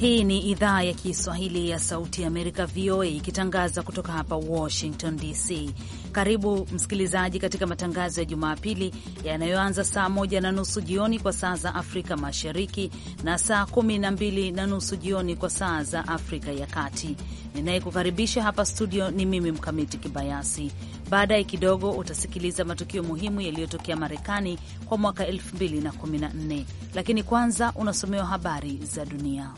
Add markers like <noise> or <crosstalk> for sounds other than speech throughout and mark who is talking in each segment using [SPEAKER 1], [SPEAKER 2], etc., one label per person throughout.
[SPEAKER 1] Hii ni idhaa ya Kiswahili ya Sauti ya Amerika, VOA, ikitangaza kutoka hapa Washington DC. Karibu msikilizaji katika matangazo ya Jumapili yanayoanza saa moja na nusu jioni kwa saa za Afrika Mashariki na saa kumi na mbili na nusu jioni kwa saa za Afrika ya Kati. Ninayekukaribisha hapa studio ni mimi Mkamiti Kibayasi. Baadaye kidogo utasikiliza matukio muhimu yaliyotokea Marekani kwa mwaka 2014 lakini kwanza unasomewa habari za dunia.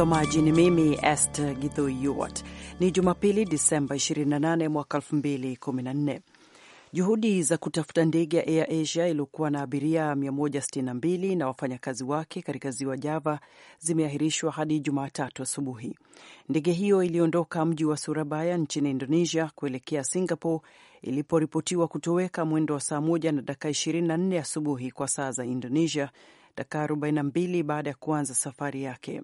[SPEAKER 2] Msomaji ni mimi Esther Githui Ni Jumapili, Disemba 28 mwaka 2014. Juhudi za kutafuta ndege ya Air Asia iliyokuwa na abiria 162 na wafanyakazi wake katika ziwa Java zimeahirishwa hadi Jumatatu asubuhi. Ndege hiyo iliondoka mji wa Surabaya nchini Indonesia kuelekea Singapore iliporipotiwa kutoweka mwendo wa saa moja na dakika 24 asubuhi kwa saa za Indonesia, dakika 42 baada ya kuanza safari yake.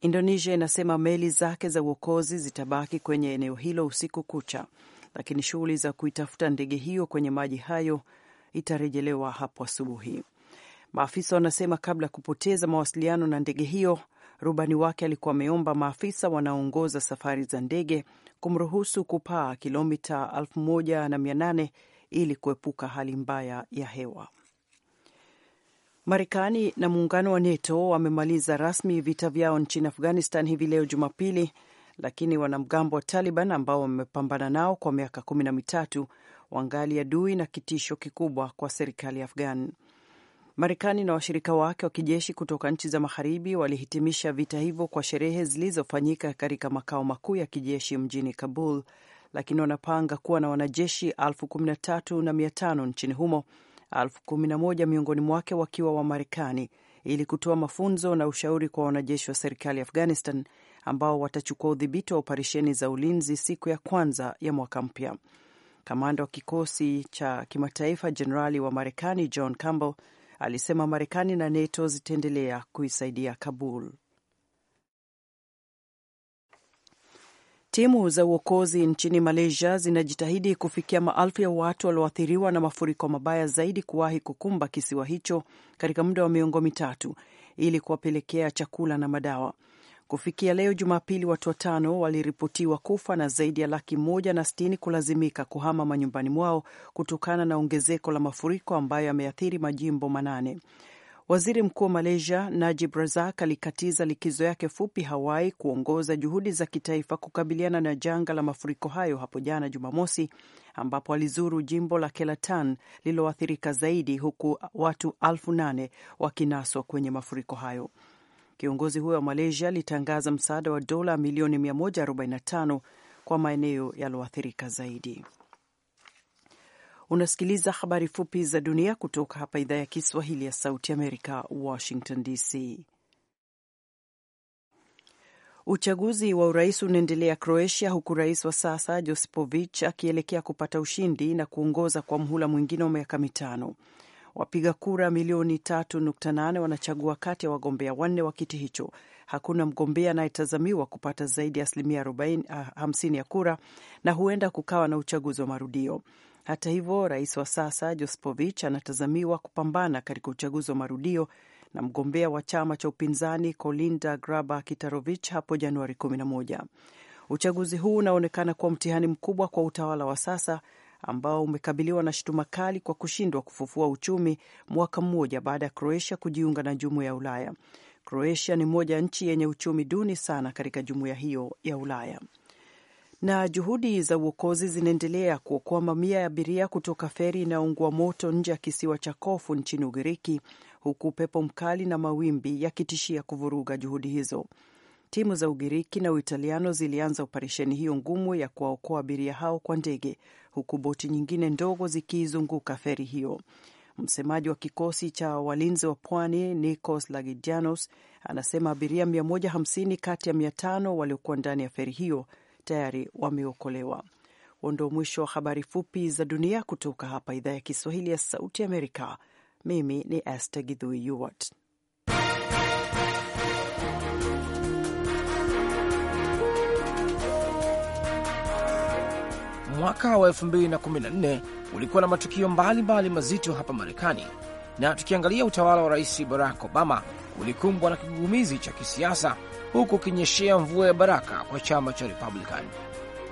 [SPEAKER 2] Indonesia inasema meli zake za uokozi zitabaki kwenye eneo hilo usiku kucha, lakini shughuli za kuitafuta ndege hiyo kwenye maji hayo itarejelewa hapo asubuhi. Maafisa wanasema kabla ya kupoteza mawasiliano na ndege hiyo, rubani wake alikuwa ameomba maafisa wanaoongoza safari za ndege kumruhusu kupaa kilomita 1800 ili kuepuka hali mbaya ya hewa. Marekani na muungano wa NATO wamemaliza rasmi vita vyao nchini Afghanistan hivi leo Jumapili, lakini wanamgambo wa Taliban ambao wamepambana nao kwa miaka kumi na mitatu wangali adui na kitisho kikubwa kwa serikali ya Afghan. Marekani na washirika wake wa kijeshi kutoka nchi za magharibi walihitimisha vita hivyo kwa sherehe zilizofanyika katika makao makuu ya kijeshi mjini Kabul, lakini wanapanga kuwa na wanajeshi elfu kumi na tatu na mia tano nchini humo elfu kumi na moja miongoni mwake wakiwa wa Marekani ili kutoa mafunzo na ushauri kwa wanajeshi wa serikali ya Afghanistan ambao watachukua udhibiti wa operesheni za ulinzi siku ya kwanza ya mwaka mpya. Kamanda wa kikosi cha kimataifa jenerali wa Marekani John Campbell alisema Marekani na NATO zitaendelea kuisaidia Kabul. Timu za uokozi nchini Malaysia zinajitahidi kufikia maelfu ya watu walioathiriwa na mafuriko mabaya zaidi kuwahi kukumba kisiwa hicho katika muda wa miongo mitatu ili kuwapelekea chakula na madawa. Kufikia leo Jumapili, watu watano waliripotiwa kufa na zaidi ya laki moja na sitini kulazimika kuhama manyumbani mwao kutokana na ongezeko la mafuriko ambayo yameathiri majimbo manane. Waziri mkuu wa Malaysia Najib Razak alikatiza likizo yake fupi Hawaii kuongoza juhudi za kitaifa kukabiliana na janga la mafuriko hayo hapo jana Jumamosi, ambapo alizuru jimbo la Kelantan lililoathirika zaidi, huku watu elfu nane wakinaswa kwenye mafuriko hayo. Kiongozi huyo wa Malaysia alitangaza msaada wa dola milioni 145 kwa maeneo yaliyoathirika zaidi. Unasikiliza habari fupi za dunia kutoka hapa idhaa ya Kiswahili ya Sauti Amerika, Washington DC. Uchaguzi wa urais unaendelea Croatia, huku rais wa sasa Josipovich akielekea kupata ushindi na kuongoza kwa mhula mwingine wa miaka mitano. Wapiga kura milioni 3.8 wanachagua kati ya wagombea wanne wa kiti hicho. Hakuna mgombea anayetazamiwa kupata zaidi ya asilimia 50 ah, ya kura, na huenda kukawa na uchaguzi wa marudio. Hata hivyo, rais wa sasa Jospovich anatazamiwa kupambana katika uchaguzi wa marudio na mgombea wa chama cha upinzani Kolinda Graba Kitarovich hapo Januari 11. Uchaguzi huu unaonekana kuwa mtihani mkubwa kwa utawala wa sasa ambao umekabiliwa na shutuma kali kwa kushindwa kufufua uchumi mwaka mmoja baada ya Croatia kujiunga na jumuiya ya Ulaya. Croatia ni moja ya nchi yenye uchumi duni sana katika jumuiya hiyo ya Ulaya. Na juhudi za uokozi zinaendelea kuokoa mamia ya abiria kutoka feri inayoungua moto nje ya kisiwa cha Kofu nchini Ugiriki, huku pepo mkali na mawimbi yakitishia kuvuruga juhudi hizo. Timu za Ugiriki na Uitaliano zilianza operesheni hiyo ngumu ya kuwaokoa abiria hao kwa ndege, huku boti nyingine ndogo zikiizunguka feri hiyo. Msemaji wa kikosi cha walinzi wa pwani Nikos Lagidianos anasema abiria 150 kati ya 500 waliokuwa ndani ya feri hiyo tayari wameokolewa. Huo ndio mwisho wa habari fupi za dunia kutoka hapa idhaa ya Kiswahili ya Sauti Amerika. Mimi ni Esther Gidhui Yuwat.
[SPEAKER 3] Mwaka wa 2014 ulikuwa na matukio mbalimbali mbali mazito hapa Marekani, na tukiangalia utawala wa Rais Barack Obama ulikumbwa na kigugumizi cha kisiasa huku kinyeshea mvua ya baraka kwa chama cha Republican.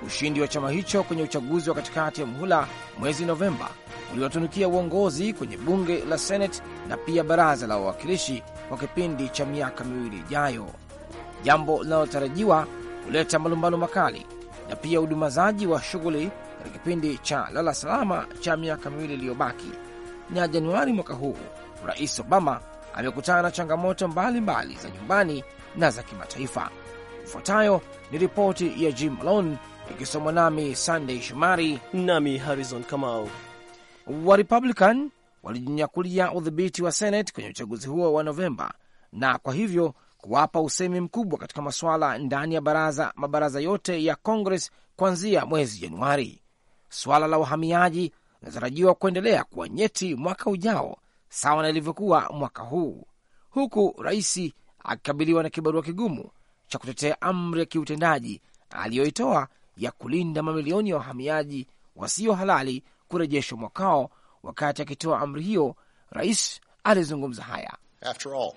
[SPEAKER 3] Ushindi wa chama hicho kwenye uchaguzi wa katikati ya muhula mwezi Novemba uliwatunukia uongozi kwenye bunge la Senate na pia baraza la wawakilishi kwa kipindi cha miaka miwili ijayo, jambo linalotarajiwa kuleta malumbano makali na pia udumazaji wa shughuli katika kipindi cha lala salama cha miaka miwili iliyobaki. Na Januari mwaka huu Rais Obama amekutana na changamoto mbalimbali za nyumbani na za kimataifa. Ifuatayo ni ripoti ya Jim Malone ikisomwa nami sandey Shomari nami Harrison Kamau. Wa Republican walijinyakulia udhibiti wa Senate kwenye uchaguzi huo wa Novemba na kwa hivyo kuwapa usemi mkubwa katika masuala ndani ya baraza mabaraza yote ya Congress kuanzia mwezi Januari. Suala la uhamiaji linatarajiwa kuendelea kuwa nyeti mwaka ujao sawa na ilivyokuwa mwaka huu, huku rais akikabiliwa na kibarua kigumu cha kutetea amri ya kiutendaji aliyoitoa ya kulinda mamilioni ya wahamiaji wasio halali kurejeshwa mwakao. Wakati akitoa amri hiyo, rais alizungumza haya
[SPEAKER 4] After all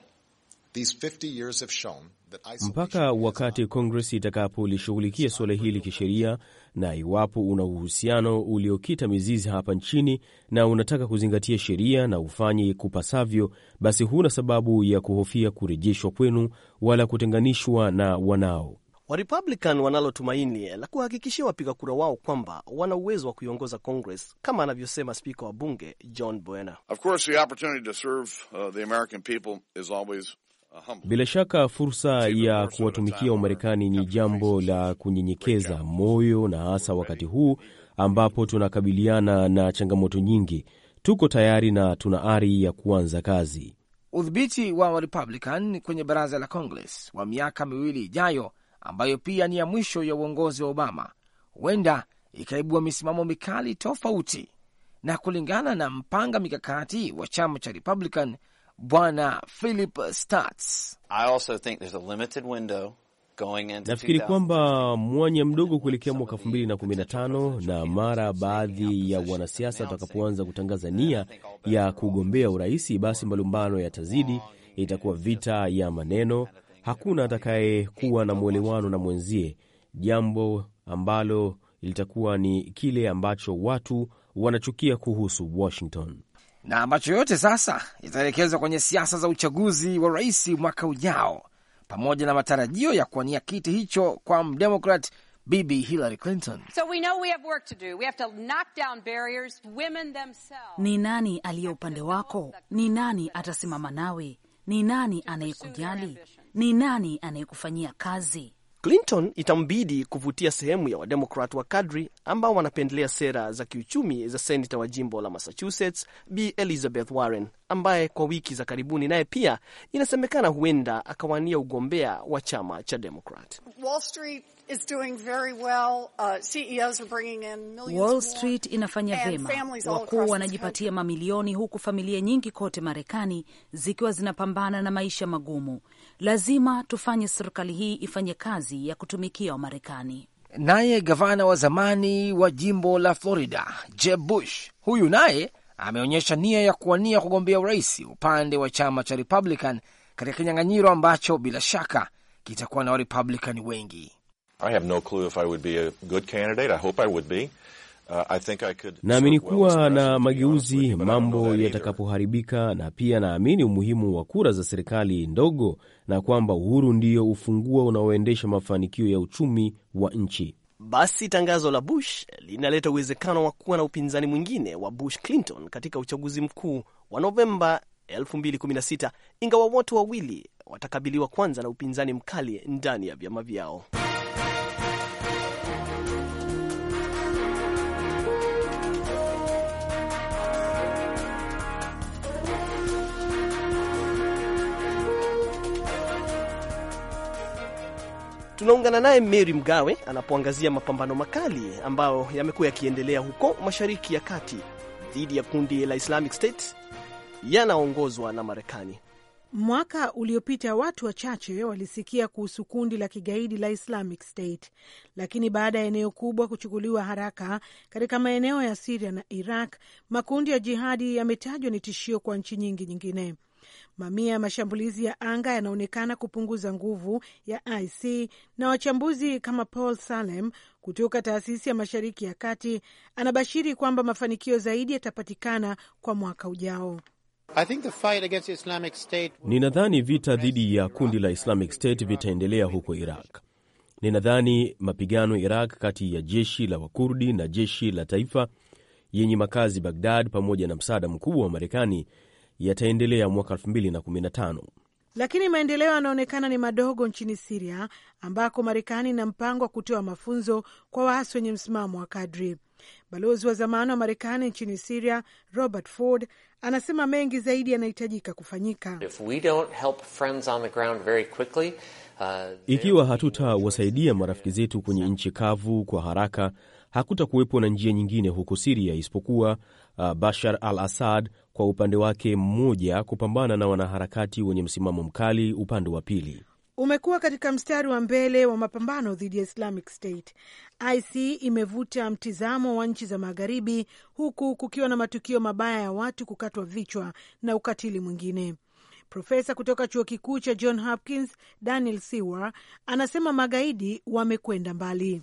[SPEAKER 5] mpaka wakati Kongresi itakapolishughulikia suala hili kisheria, na iwapo una uhusiano uliokita mizizi hapa nchini na unataka kuzingatia sheria na ufanye kupasavyo, basi huna sababu ya kuhofia kurejeshwa kwenu wala kutenganishwa na wanao.
[SPEAKER 6] Warepublican wanalotumaini la kuhakikishia wapiga kura wao kwamba wana uwezo wa kuiongoza Congress kama anavyosema spika wa bunge John Boehner.
[SPEAKER 5] Bila shaka fursa ya kuwatumikia Wamarekani ni jambo la kunyenyekeza moyo, na hasa wakati huu ambapo tunakabiliana na changamoto nyingi. Tuko tayari na tuna ari ya kuanza kazi.
[SPEAKER 3] Udhibiti wa Warepublican kwenye baraza la Congress wa miaka miwili ijayo, ambayo pia ni ya mwisho ya uongozi wa Obama, huenda ikaibua misimamo mikali tofauti, na kulingana na mpanga mikakati wa chama cha Republican Bwana Philip Stats.
[SPEAKER 7] Nafikiri
[SPEAKER 5] kwamba mwanya mdogo kuelekea mwaka 2015 na mara baadhi ya wanasiasa watakapoanza kutangaza nia ya kugombea uraisi, basi malumbano yatazidi, itakuwa vita ya maneno. Hakuna atakayekuwa na mwelewano na mwenzie, jambo ambalo litakuwa ni kile ambacho watu wanachukia kuhusu Washington
[SPEAKER 3] na macho yote sasa yataelekezwa kwenye siasa za uchaguzi wa rais mwaka ujao pamoja na matarajio ya kuwania kiti hicho kwa mdemokrat Bibi Hillary Clinton.
[SPEAKER 8] So we know we have work to do. We have to knock down barriers. Women themselves.
[SPEAKER 1] Ni nani aliye upande wako? Ni nani atasimama nawe? Ni nani anayekujali? Ni nani anayekufanyia kazi?
[SPEAKER 6] Clinton itambidi kuvutia sehemu ya Wademokrat wa kadri ambao wanapendelea sera za kiuchumi za senata wa jimbo la Massachusetts b Elizabeth Warren, ambaye kwa wiki za karibuni naye pia inasemekana huenda akawania
[SPEAKER 1] ugombea wa chama cha Demokrat.
[SPEAKER 8] Wall Street
[SPEAKER 1] uh, e inafanya vyema, wakuu wanajipatia mamilioni, huku familia nyingi kote Marekani zikiwa zinapambana na maisha magumu lazima tufanye serikali hii ifanye kazi ya kutumikia Wamarekani.
[SPEAKER 3] Naye gavana wa zamani wa jimbo la Florida Jeb Bush, huyu naye ameonyesha nia ya kuwania kugombea urais upande wa chama cha Republican katika kinyang'anyiro ambacho bila shaka kitakuwa na Warepublican wengi. I have no clue if I would be a good candidate. I
[SPEAKER 8] hope I would be. Uh,
[SPEAKER 5] naamini kuwa na mageuzi mambo yatakapoharibika, na pia naamini umuhimu wa kura za serikali ndogo na kwamba uhuru ndio ufunguo unaoendesha mafanikio ya uchumi wa nchi.
[SPEAKER 6] Basi tangazo la Bush linaleta uwezekano wa kuwa na upinzani mwingine wa Bush Clinton katika uchaguzi mkuu wa Novemba 2016 ingawa wote wawili watakabiliwa kwanza na upinzani mkali ndani ya vyama vyao. Tunaungana naye Mary Mgawe anapoangazia mapambano makali ambayo yamekuwa yakiendelea huko Mashariki ya Kati dhidi ya kundi la Islamic State yanaongozwa na Marekani.
[SPEAKER 7] Mwaka uliopita watu wachache walisikia kuhusu kundi la kigaidi la Islamic State, lakini baada ya eneo kubwa kuchukuliwa haraka katika maeneo ya Siria na Iraq, makundi ya jihadi yametajwa ni tishio kwa nchi nyingi nyingine. Mamia ya mashambulizi ya anga yanaonekana kupunguza nguvu ya IC na wachambuzi kama Paul Salem kutoka taasisi ya Mashariki ya Kati anabashiri kwamba mafanikio zaidi yatapatikana kwa mwaka ujao.
[SPEAKER 5] ninadhani vita dhidi ya kundi la Islamic State vitaendelea huko Iraq. Ninadhani mapigano Iraq kati ya jeshi la Wakurdi na jeshi la taifa yenye makazi Bagdad pamoja na msaada mkubwa wa Marekani yataendelea mwaka 2015.
[SPEAKER 7] Lakini maendeleo yanaonekana ni madogo nchini Siria, ambako Marekani ina mpango wa kutoa mafunzo kwa waasi wenye msimamo wa kadri. Balozi wa zamani wa Marekani nchini Siria, Robert Ford, anasema mengi zaidi yanahitajika kufanyika.
[SPEAKER 1] quickly, uh,
[SPEAKER 5] ikiwa hatutawasaidia marafiki zetu kwenye nchi kavu kwa haraka, hakutakuwepo na njia nyingine huko Siria isipokuwa uh, Bashar al Assad kwa upande wake mmoja kupambana na wanaharakati wenye msimamo mkali upande wa pili.
[SPEAKER 7] Umekuwa katika mstari wa mbele wa mapambano dhidi ya Islamic State. IC imevuta mtizamo wa nchi za Magharibi, huku kukiwa na matukio mabaya ya watu kukatwa vichwa na ukatili mwingine. Profesa kutoka chuo kikuu cha John Hopkins Daniel Sewer anasema magaidi wamekwenda mbali.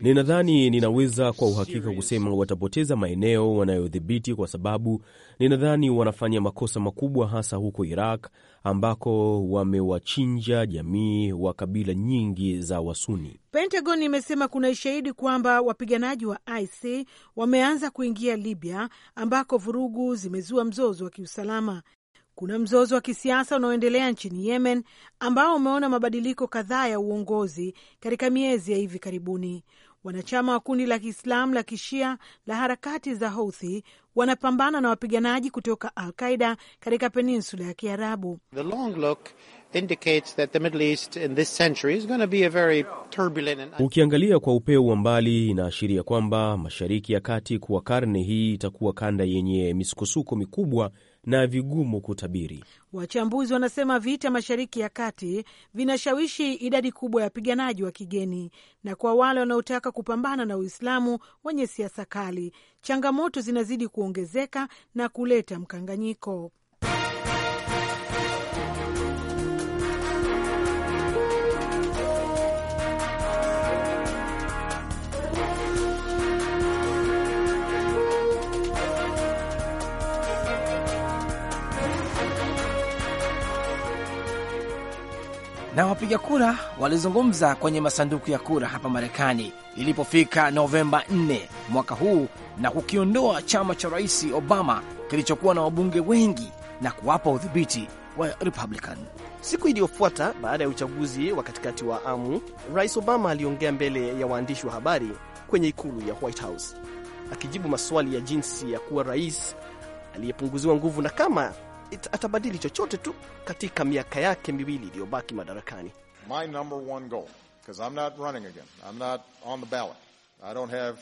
[SPEAKER 5] Ninadhani ninaweza kwa uhakika kusema watapoteza maeneo wanayodhibiti, kwa sababu Ninadhani wanafanya makosa makubwa, hasa huko Iraq ambako wamewachinja jamii wa kabila nyingi za Wasuni.
[SPEAKER 7] Pentagon imesema kuna ishahidi kwamba wapiganaji wa IC wameanza kuingia Libya, ambako vurugu zimezua mzozo wa kiusalama. Kuna mzozo wa kisiasa unaoendelea nchini Yemen ambao umeona mabadiliko kadhaa ya uongozi katika miezi ya hivi karibuni. Wanachama wa kundi la Kiislamu la Kishia la harakati za Houthi wanapambana na wapiganaji kutoka Al Qaida katika peninsula ya Kiarabu.
[SPEAKER 5] Ukiangalia kwa upeo wa mbali, inaashiria kwamba Mashariki ya Kati kwa karne hii itakuwa kanda yenye misukosuko mikubwa na vigumu kutabiri.
[SPEAKER 7] Wachambuzi wanasema vita Mashariki ya Kati vinashawishi idadi kubwa ya wapiganaji wa kigeni, na kwa wale wanaotaka kupambana na Uislamu wenye siasa kali, changamoto zinazidi kuongezeka na kuleta mkanganyiko.
[SPEAKER 3] na wapiga kura walizungumza kwenye masanduku ya kura hapa Marekani ilipofika Novemba 4 mwaka huu na kukiondoa chama cha Rais Obama kilichokuwa na wabunge wengi na kuwapa udhibiti
[SPEAKER 8] wa
[SPEAKER 6] Republican. Siku iliyofuata baada ya uchaguzi wa katikati wa amu, Rais Obama aliongea mbele ya waandishi wa habari kwenye ikulu ya White House akijibu maswali ya jinsi ya kuwa rais aliyepunguziwa nguvu na kama atabadili chochote tu katika miaka yake miwili iliyobaki madarakani.
[SPEAKER 8] My number one goal because I'm not running again. I'm not on the ballot. I don't have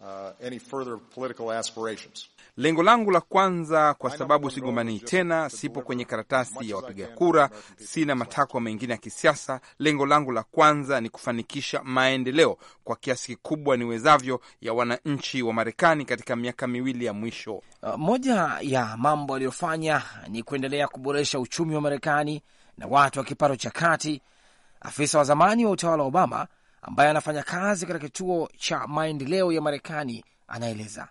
[SPEAKER 8] uh, any further political
[SPEAKER 9] aspirations. Lengo langu la kwanza, kwa sababu sigombanii tena, sipo kwenye karatasi ya wapiga kura, sina matakwa mengine ya kisiasa. Lengo langu la kwanza ni kufanikisha maendeleo kwa kiasi kikubwa niwezavyo ya wananchi wa Marekani katika miaka miwili ya mwisho. Uh, moja ya mambo aliyofanya ni kuendelea kuboresha
[SPEAKER 3] uchumi wa Marekani na watu wa kipato cha kati. Afisa wa zamani wa utawala wa Obama ambaye anafanya kazi katika kituo cha maendeleo ya Marekani anaeleza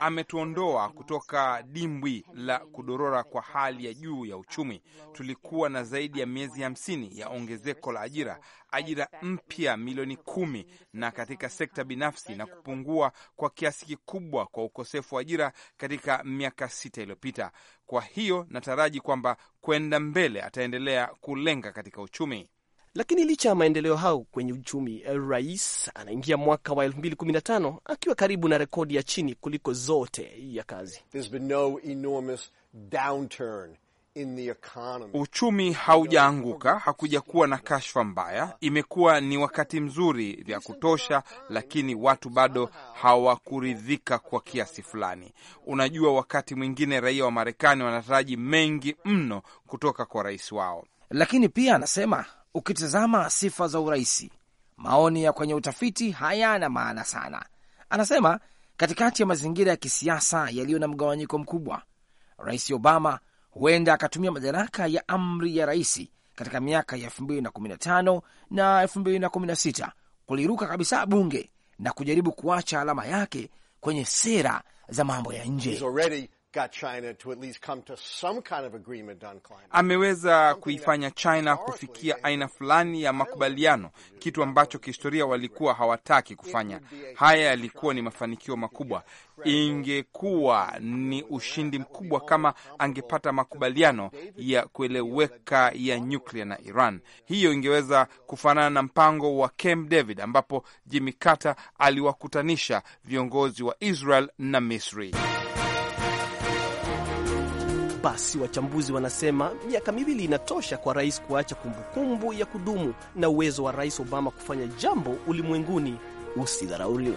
[SPEAKER 9] Ametuondoa kutoka dimbwi la kudorora kwa hali ya juu ya uchumi. Tulikuwa na zaidi ya miezi hamsini ya ongezeko la ajira, ajira mpya milioni kumi na katika sekta binafsi, na kupungua kwa kiasi kikubwa kwa ukosefu wa ajira katika miaka sita iliyopita. Kwa hiyo nataraji kwamba kwenda mbele ataendelea kulenga katika uchumi.
[SPEAKER 6] Lakini licha ya maendeleo hao kwenye uchumi, eh, rais anaingia mwaka wa 2015 akiwa karibu na rekodi ya chini kuliko zote ya kazi.
[SPEAKER 9] Uchumi haujaanguka, hakuja kuwa na kashfa mbaya. Imekuwa ni wakati mzuri vya kutosha, lakini watu bado hawakuridhika kwa kiasi fulani. Unajua, wakati mwingine raia wa Marekani wanataraji mengi mno kutoka kwa rais wao,
[SPEAKER 3] lakini pia anasema ukitazama sifa za uraisi, maoni ya kwenye utafiti hayana maana sana, anasema. Katikati ya mazingira ya kisiasa yaliyo na mgawanyiko mkubwa, Rais Obama huenda akatumia madaraka ya amri ya raisi katika miaka ya 2015 na 2016 kuliruka kabisa bunge na kujaribu kuacha alama yake kwenye sera za mambo ya nje.
[SPEAKER 9] Ameweza kuifanya China kufikia aina fulani ya makubaliano, kitu ambacho kihistoria walikuwa hawataki kufanya. Haya yalikuwa ni mafanikio makubwa. Ingekuwa ni ushindi mkubwa kama angepata makubaliano ya kueleweka ya nyuklia na Iran. Hiyo ingeweza kufanana na mpango wa Camp David ambapo Jimmy Carter aliwakutanisha viongozi wa Israel na Misri. Basi
[SPEAKER 6] wachambuzi wanasema miaka miwili inatosha kwa rais kuacha kumbukumbu ya kudumu na uwezo wa Rais Obama kufanya jambo ulimwenguni usidharauliwe.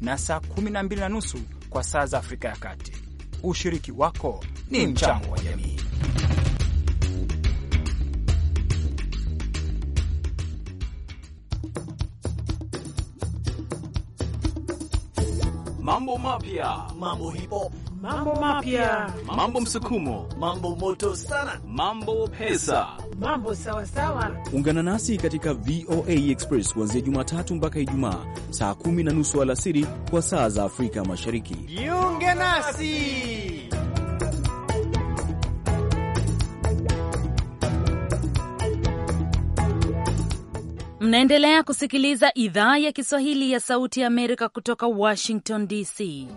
[SPEAKER 9] na saa 12 na nusu kwa saa za Afrika ya Kati. Ushiriki wako ni mchango wa jamii.
[SPEAKER 5] Mambo mapya, mambo hipo,
[SPEAKER 7] mambo mapya,
[SPEAKER 5] mambo msukumo, mambo
[SPEAKER 7] moto sana,
[SPEAKER 5] mambo pesa
[SPEAKER 7] Mambo sawa sawa.
[SPEAKER 5] Ungana nasi katika VOA Express kuanzia Jumatatu mpaka Ijumaa saa kumi na nusu alasiri kwa saa za Afrika Mashariki.
[SPEAKER 9] Jiunge nasi
[SPEAKER 1] mnaendelea kusikiliza idhaa ya Kiswahili ya Sauti ya Amerika kutoka Washington DC.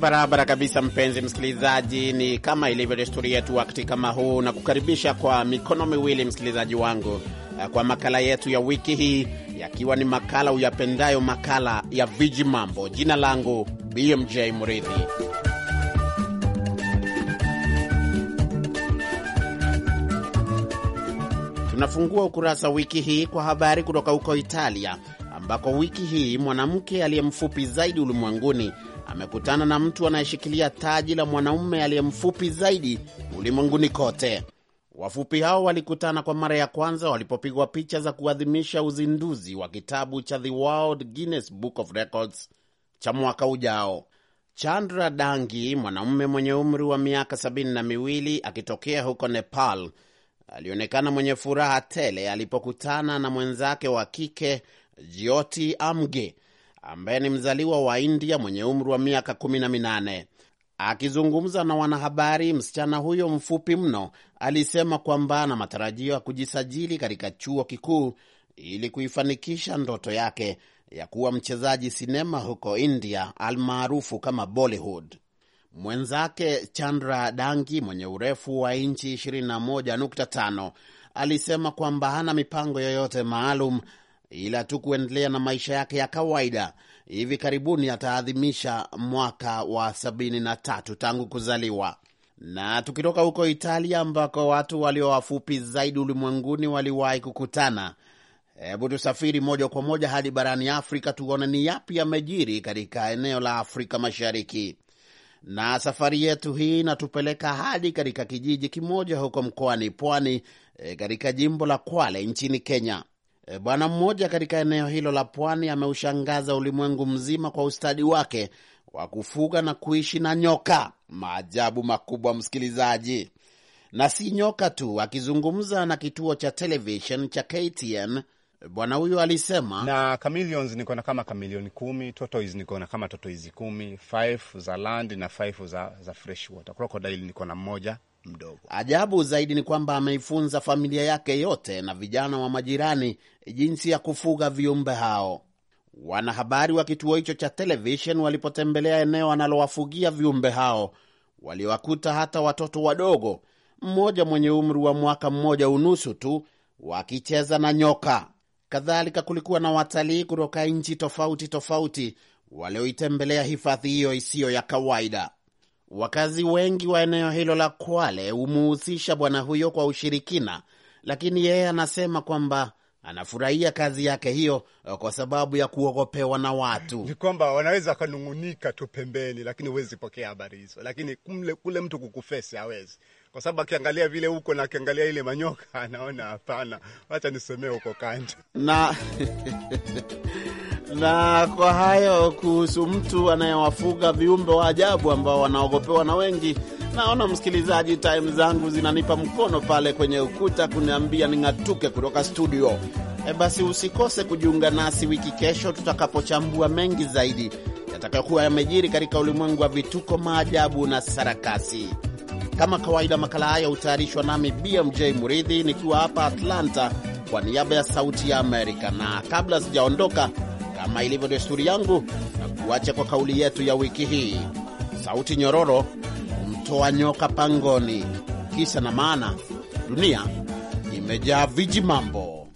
[SPEAKER 4] Barabara kabisa, mpenzi msikilizaji, ni kama ilivyo desturi yetu wakati kama huu, na kukaribisha kwa mikono miwili msikilizaji wangu eh, kwa makala yetu ya wiki hii, yakiwa ni makala uyapendayo, makala ya viji mambo. Jina langu BMJ Murithi. Tunafungua ukurasa wiki hii kwa habari kutoka huko Italia ambako wiki hii mwanamke aliye mfupi zaidi ulimwenguni amekutana na mtu anayeshikilia taji la mwanaume aliye mfupi zaidi ulimwenguni kote. Wafupi hao walikutana kwa mara ya kwanza walipopigwa picha za kuadhimisha uzinduzi wa kitabu cha The World Guinness Book of Records cha mwaka ujao. Chandra Dangi, mwanaume mwenye umri wa miaka sabini na miwili akitokea huko Nepal, alionekana mwenye furaha tele alipokutana na mwenzake wa kike Jyoti Amge ambaye ni mzaliwa wa India mwenye umri wa miaka kumi na minane. Akizungumza na wanahabari, msichana huyo mfupi mno alisema kwamba ana matarajio ya kujisajili katika chuo kikuu ili kuifanikisha ndoto yake ya kuwa mchezaji sinema huko India almaarufu kama Bollywood. Mwenzake Chandra Dangi mwenye urefu wa inchi 21.5 alisema kwamba hana mipango yoyote maalum ila tu kuendelea na maisha yake ya kawaida. Hivi karibuni ataadhimisha mwaka wa tatu tangu kuzaliwa. Na tukitoka huko Italia ambako watu walio wafupi zaidi ulimwenguni waliwahi kukutana, hebu tusafiri moja kwa moja hadi barani Afrika tuone ni yapi yamejiri katika eneo la Afrika Mashariki. Na safari yetu hii inatupeleka hadi katika kijiji kimoja huko mkoani Pwani, eh, katika jimbo la Kwale nchini Kenya. E, bwana mmoja katika eneo hilo la pwani ameushangaza ulimwengu mzima kwa ustadi wake wa kufuga na kuishi na nyoka. Maajabu makubwa, msikilizaji, na si nyoka tu. Akizungumza na kituo cha televishen cha KTN, bwana huyo alisema, na chameleons niko na kama chameleon kumi, tortoise niko na kama tortoise kumi, five za land na five za, za fresh water. Crocodile niko na mmoja mdogo. Ajabu zaidi ni kwamba ameifunza familia yake yote na vijana wa majirani jinsi ya kufuga viumbe hao. Wanahabari wa kituo hicho cha televishen walipotembelea eneo analowafugia viumbe hao, waliwakuta hata watoto wadogo, mmoja mwenye umri wa mwaka mmoja unusu tu, wakicheza na nyoka. Kadhalika, kulikuwa na watalii kutoka nchi tofauti tofauti walioitembelea hifadhi hiyo isiyo ya kawaida. Wakazi wengi wa eneo hilo la Kwale humuhusisha bwana huyo kwa ushirikina, lakini yeye anasema kwamba anafurahia kazi yake hiyo eh, kwa sababu ya kuogopewa na watu. Ni kwamba wanaweza wakanung'unika tu pembeni, lakini huwezi pokea habari hizo, lakini
[SPEAKER 9] kumle, kule mtu kukufesi hawezi kwa sababu akiangalia vile huko na akiangalia ile manyoka <laughs> anaona hapana, wacha nisemee huko kando
[SPEAKER 4] <laughs> <laughs> na na kwa hayo kuhusu mtu anayewafuga viumbe wa ajabu ambao wanaogopewa na wengi. Naona msikilizaji, time zangu zinanipa mkono pale kwenye ukuta kuniambia ning'atuke kutoka studio. E, basi usikose kujiunga nasi wiki kesho tutakapochambua mengi zaidi yatakayokuwa yamejiri katika ulimwengu wa vituko, maajabu na sarakasi. Kama kawaida, makala haya hutayarishwa nami BMJ Muridhi nikiwa hapa Atlanta kwa niaba ya Sauti ya Amerika, na kabla sijaondoka kama ilivyo desturi yangu, na kuacha kwa kauli yetu ya wiki hii, sauti nyororo mtoa nyoka pangoni. Kisa na maana, dunia imejaa viji mambo. Oh,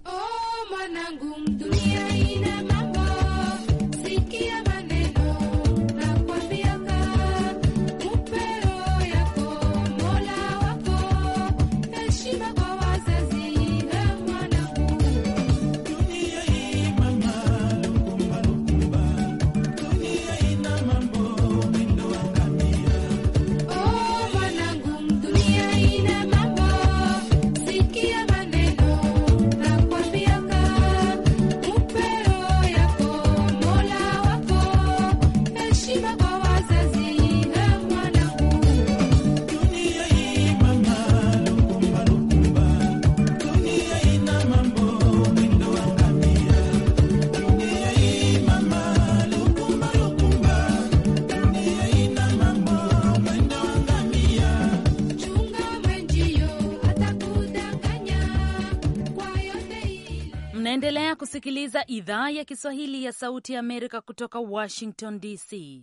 [SPEAKER 1] unasikiliza idhaa ya Kiswahili ya Sauti ya Amerika kutoka Washington DC.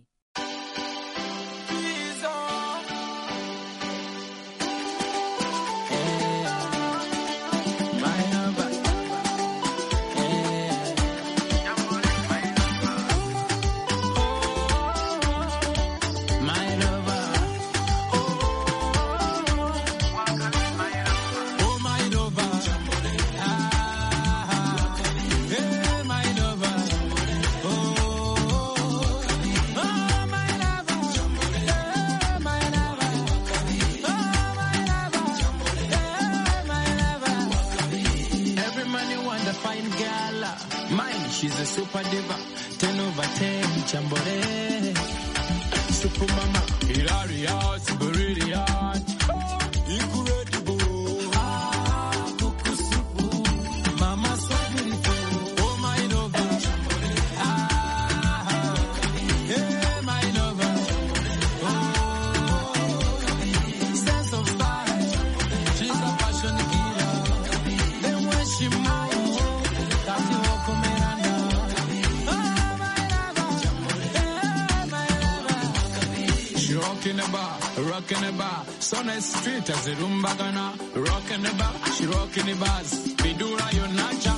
[SPEAKER 10] super diva, ten over ten, chambore. Super mama, hilarious. rocking the bar. Sun is street as the rumba going rocking the bar. She rocking the bars. Bidura, you're not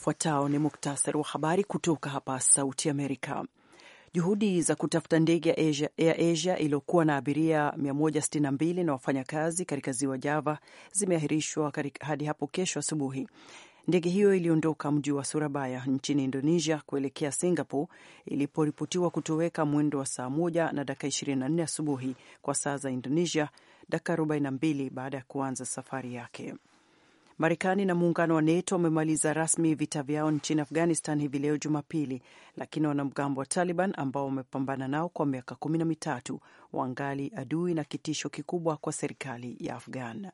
[SPEAKER 2] Ufuatao ni muktasari wa habari kutoka hapa Sauti Amerika. Juhudi za kutafuta ndege ya Asia, Air Asia iliyokuwa na abiria 162 na wafanyakazi katika ziwa Java zimeahirishwa hadi hapo kesho asubuhi. Ndege hiyo iliondoka mji wa Surabaya nchini Indonesia kuelekea Singapore iliporipotiwa kutoweka mwendo wa saa moja na dakika 24 asubuhi kwa saa za Indonesia, dakika 42 baada ya kuanza safari yake. Marekani na muungano wa NATO wamemaliza rasmi vita vyao nchini Afghanistan hivi leo Jumapili, lakini wanamgambo wa Taliban ambao wamepambana nao kwa miaka kumi na mitatu wangali adui na kitisho kikubwa kwa serikali ya Afghan.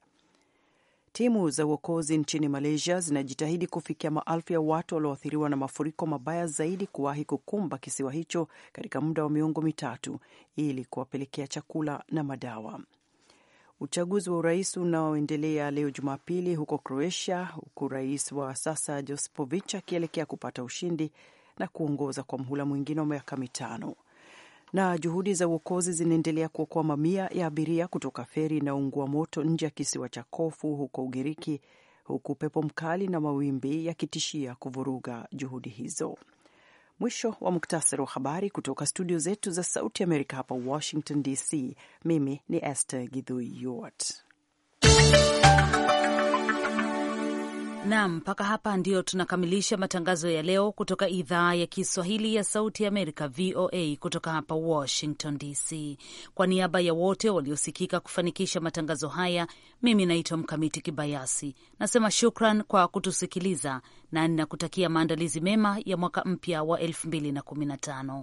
[SPEAKER 2] Timu za uokozi nchini Malaysia zinajitahidi kufikia maelfu ya watu walioathiriwa na mafuriko mabaya zaidi kuwahi kukumba kisiwa hicho katika muda wa miongo mitatu ili kuwapelekea chakula na madawa. Uchaguzi wa urais unaoendelea leo Jumapili huko Croatia, huku rais wa sasa josepovich akielekea kupata ushindi na kuongoza kwa mhula mwingine wa miaka mitano. Na juhudi za uokozi zinaendelea kuokoa mamia ya abiria kutoka feri inayoungua moto nje ya kisiwa cha Kofu huko Ugiriki, huku pepo mkali na mawimbi yakitishia kuvuruga juhudi hizo. Mwisho wa muktasari wa habari kutoka studio zetu za Sauti Amerika hapa Washington DC. Mimi ni Esther Gidhui
[SPEAKER 1] Nam, mpaka hapa ndio tunakamilisha matangazo ya leo kutoka idhaa ya Kiswahili ya Sauti ya Amerika, VOA, kutoka hapa Washington DC. Kwa niaba ya wote waliosikika kufanikisha matangazo haya, mimi naitwa Mkamiti Kibayasi, nasema shukran kwa kutusikiliza na ninakutakia maandalizi mema ya mwaka mpya wa 2015.